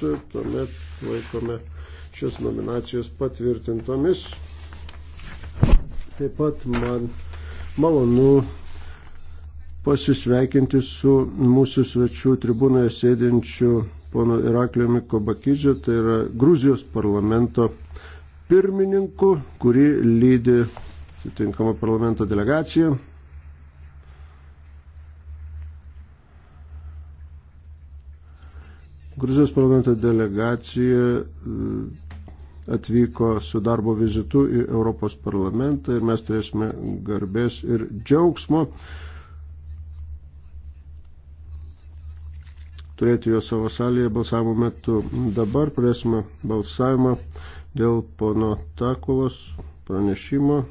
tuomet laikome šias nominacijas patvirtintomis. Taip pat man malonu pasisveikinti su mūsų svečių tribūnoje sėdinčiu ponu Irakliumi Kobakidžiu, tai yra Gruzijos parlamento pirmininku, kuri lydi atitinkama parlamento delegacija. Gruzijos parlamento delegacija e, atvyko su darbo vizitu į Europos parlamentą ir mes turėsime garbės ir džiaugsmo turėti jo savo salėje balsavimo metu. Dabar pradėsime balsavimą dėl pono Takulos pranešimo